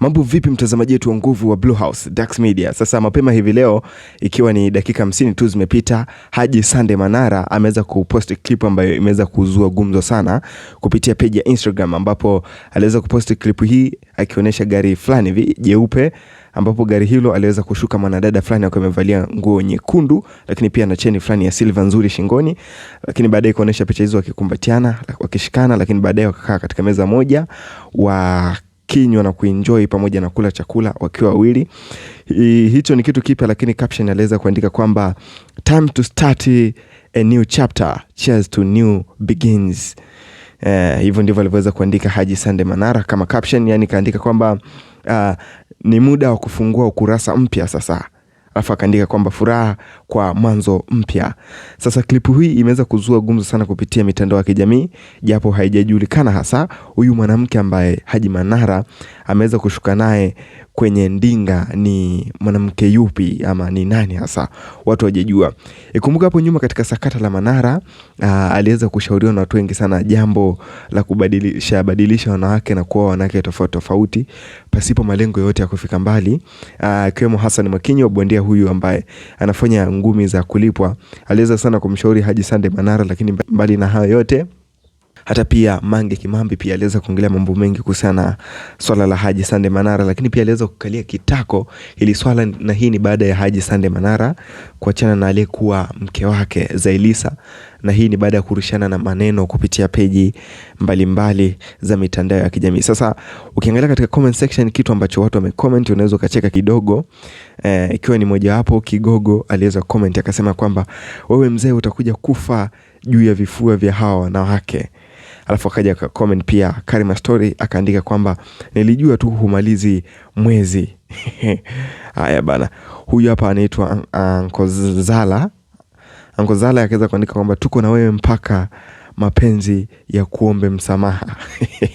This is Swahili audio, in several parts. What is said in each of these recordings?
Mambo vipi mtazamaji wetu wa nguvu wa Blue House Dax Media. Sasa mapema hivi leo ikiwa ni dakika 50 tu zimepita, Haji Sande Manara ameweza kupost clip ambayo imeweza kuzua gumzo sana kupitia page ya Instagram, ambapo aliweza kupost clip hii akionyesha gari fulani hivi jeupe ambapo gari hilo aliweza kushuka mwanadada fulani akiwa amevalia nguo nyekundu, lakini pia na cheni fulani ya silver nzuri shingoni, lakini baadaye kuonesha picha hizo wakikumbatiana, wakishikana, lakini baadaye wakakaa katika meza moja wa kinywa na kuenjoy pamoja na kula chakula wakiwa wawili. Hicho ni kitu kipya, lakini caption aliweza kuandika kwamba time to start a new chapter, cheers to new begins. Eh, hivyo ndivyo alivyoweza kuandika Haji Sande Manara kama caption, yani kaandika kwamba uh, ni muda wa kufungua ukurasa mpya sasa alafu akaandika kwamba furaha kwa mwanzo mpya. Sasa klipu hii imeweza kuzua gumzo sana kupitia mitandao ya kijamii, japo haijajulikana hasa huyu mwanamke ambaye Haji Manara ameweza kushuka naye kwenye ndinga ni mwanamke yupi ama ni nani hasa, watu wajejua. Ikumbuka hapo nyuma katika sakata la Manara ah, aliweza kushauriwa na watu wengi sana jambo la kubadilisha badilisha wanawake na kuwa wanawake tofauti tofauti pasipo malengo yote ya kufika mbali, ah, akiwemo Hassan Mwakinyo, bondia huyu ambaye anafanya ngumi za kulipwa. Aliweza sana kumshauri Haji Sande Manara, lakini mbali na hayo yote hata pia Mange Kimambi pia aliweza kuongelea mambo mengi kuhusiana na swala la Haji Sande Manara, lakini pia aliweza kukalia kitako ili swala, na hii ni baada ya Haji Sande Manara kuachana na aliyekuwa mke wake Zailisa, na hii ni baada ya kurushana na maneno kupitia peji mbalimbali mbali za mitandao ya kijamii. Sasa ukiangalia katika comment section, kitu ambacho watu wamecomment, unaweza ukacheka kidogo eh, ikiwa ni mojawapo Kigogo aliweza comment akasema kwamba wewe mzee utakuja kufa juu ya vifua vya hawa wanawake alafu akaja comment pia Karima Story akaandika kwamba nilijua tu humalizi mwezi. Haya bana, huyu hapa anaitwa Ankozala. Ankozala akaweza kuandika kwamba tuko na wewe mpaka mapenzi ya kuombe msamaha.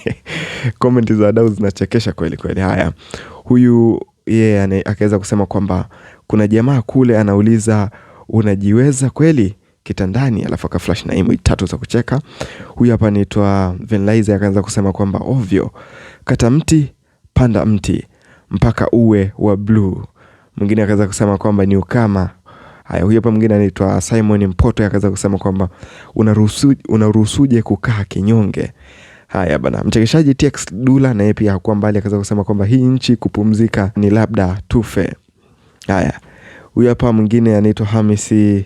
Comment za dau zinachekesha kweli kweli. Haya, huyu yeye yeah, akaweza kusema kwamba kuna jamaa kule anauliza unajiweza kweli? kitandani, alafu akaflash na emoji tatu za kucheka. Huyu hapa anaitwa Venliza akaanza kusema kwamba ovyo, kata mti panda mti mpaka uwe wa bluu. Mwingine akaanza kusema kwamba ni ukama. Haya, huyu hapa mwingine anaitwa Simon Mpoto akaweza kusema kwamba unaruhusuje kukaa kinyonge. Haya bana, mchekeshaji TX Dula naye pia hakuwa mbali, akaweza kusema kwamba hii nchi kupumzika ni labda tufe. Haya, huyu hapa mwingine anaitwa Hamisi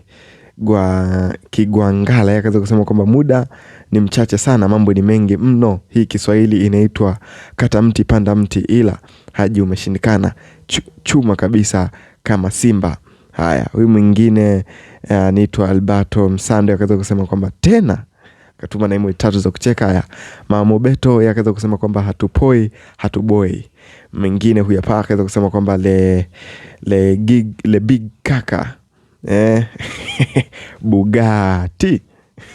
gwa, Kigwangala yakaweza kusema kwamba muda ni mchache sana, mambo ni mengi mno. Hii Kiswahili inaitwa kata mti panda mti, ila Haji umeshindikana, chuma kabisa kama simba. Haya, huyu mwingine eh, anaitwa Alberto Msande akaweza kusema kwamba tena katuma na emoji tatu za kucheka. Haya, Mama Beto yakaweza kusema kwamba hatupoi hatuboi. Mwingine huyu hapa akaweza kusema kwamba le, le, gig, le big kaka eh. Bugatti.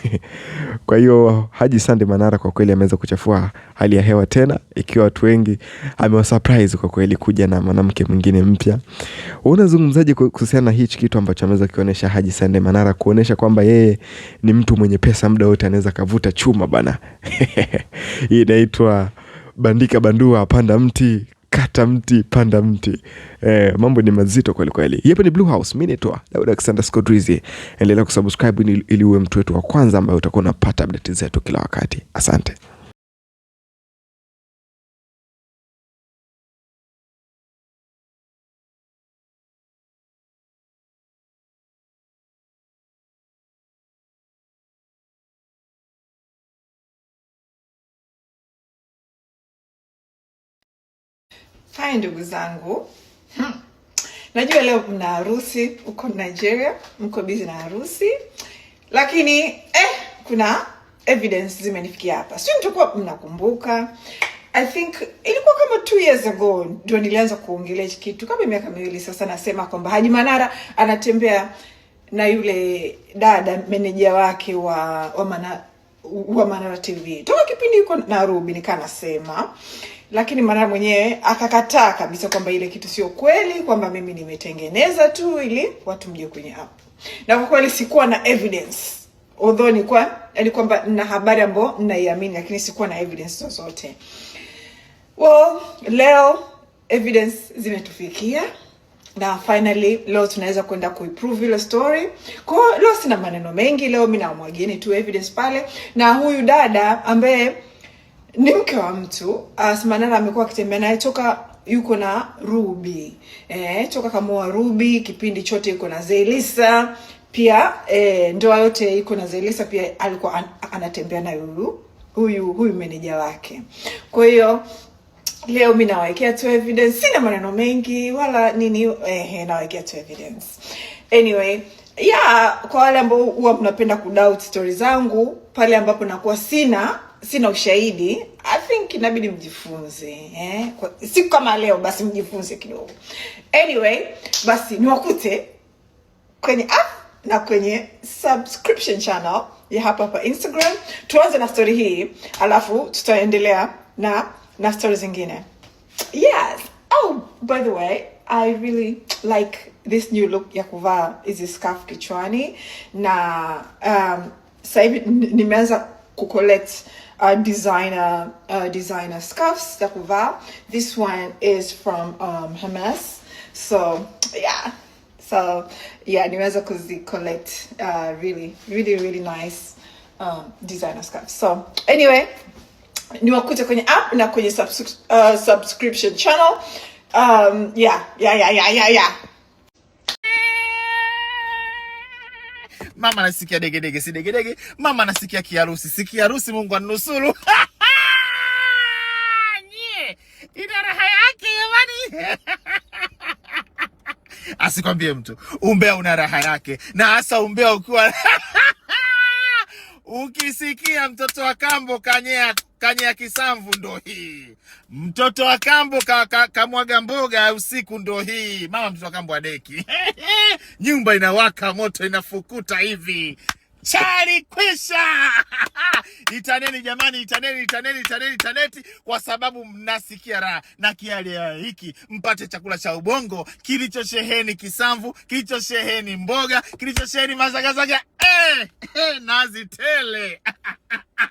Kwa hiyo Haji Sande Manara kwa kweli ameweza kuchafua hali ya hewa tena, ikiwa watu wengi amewasurprise kwa kweli kuja na mwanamke mwingine mpya. Unazungumzaje kuhusiana na hichi kitu ambacho ameweza kuonyesha Haji Sande Manara, kuonyesha kwamba yeye ni mtu mwenye pesa, muda wote anaweza kavuta chuma bana. Hii inaitwa bandika bandua, panda mti kata mti panda mti. Eh, mambo ni mazito kweli kweli. Yepo ni Blue House, mimi naitwa Daud Alexander Endelea kusubscribe ili uwe mtu wetu wa kwanza ambaye utakuwa unapata update zetu kila wakati. Asante. Haya ndugu zangu, hmm. Najua leo kuna harusi uko Nigeria, mko busy na harusi, lakini eh, kuna evidence zimenifikia hapa, sio? Mtakuwa mnakumbuka, I think ilikuwa kama two years ago ndio nilianza kuongelea hiki kitu, kama miaka miwili sasa, nasema kwamba Haji Manara anatembea na yule dada meneja wake wa wa, mana, wa Manara TV toka kipindi yuko narubi nikaa nasema, lakini Manara mwenyewe akakataa kabisa kwamba ile kitu sio kweli, kwamba mimi nimetengeneza tu ili watu mjue kwenye app, na kwa kweli sikuwa na evidence although nilikuwa ni yaani kwamba na habari ambayo naiamini, lakini sikuwa na evidence zozote. Well, leo evidence zimetufikia na finally leo tunaweza kwenda kuiprove ile story. Kwa hiyo leo sina maneno mengi, leo mimi nawamwagieni tu evidence pale, na huyu dada ambaye ni mke wa mtu ah, Simanala amekuwa akitembea naye toka yuko na Ruby eh, toka kamoa Ruby, kipindi chote yuko na Zelisa pia eh, ndoa yote iko na Zelisa pia alikuwa an, anatembea na huyu huyu huyu meneja wake, kwa hiyo Leo mi nawawekea tu evidence, sina maneno mengi wala nini eh, nawawekea tu evidence anyway ya Kwa wale ambao huwa mnapenda kudoubt story zangu pale ambapo nakuwa sina sina ushahidi, I think inabidi mjifunze eh, siku kama leo, basi mjifunze kidogo. Anyway, basi niwakute kwenye app na kwenye subscription channel ya hapa hapa Instagram. Tuanze na story hii, alafu tutaendelea na na zingine. Yes. Oh, by the way, I really like this new look ya is a scarf kichwani na um, sasa hivi nimeanza uh, designer uh, designer scarves ya This one is from um, Hermes. So, yeah. So, yeah, nimeanza kuzi collect uh, really really really nice um, designer scarves. So, anyway, niwakute kwenye app na kwenye uh, subscription channel. Um, yeah, yeah, yeah, yeah, yeah, yeah. Mama nasikia degedege, si degedege. Mama nasikia kiharusi, si kiharusi. Mungu anusuru. ina raha yake jamani. Asikwambie mtu, umbea una raha yake, na hasa umbea ukiwa ukisikia mtoto wa kambo kanyea Kanya ya kisamvu ndo hii. Mtoto wa kambo ka, ka, kamwaga mboga usiku ndo hii. Mama mtoto wa kambo adeki. Nyumba inawaka moto inafukuta hivi chalikwisha kwisha. Itaneni jamani, itaneni, itaneni, itaneni, itaneti kwa sababu mnasikia raha na kialia hiki, mpate chakula cha ubongo kilichosheheni kisamvu, kilichosheheni mboga, kilichosheheni mazagazaga eh, eh, nazi tele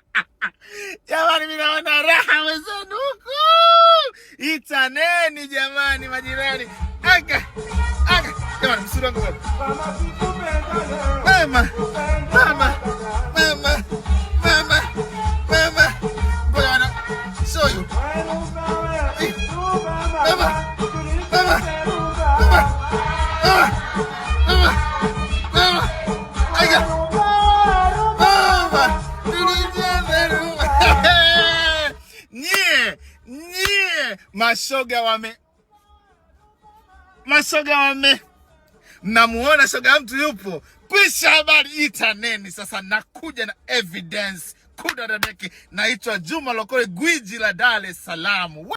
Jamani, mimi naona raha wezenu huku. Itaneni jamani, majirani aga, aga. Yani misura koyalım. Mama. Mama. Mama. Mama. Mama. Boyana. Né? Soyu. Mama. Mama. Mama. Mama. Mama. Mama. Aga. Mama. Nie. me, Masoga wame. Masoga me. namuona shoga mtu yupo pisha, habari itaneni sasa. Nakuja na evidence kuda dadeki. Naitwa Juma Lokole, gwiji la Dar es Salaam.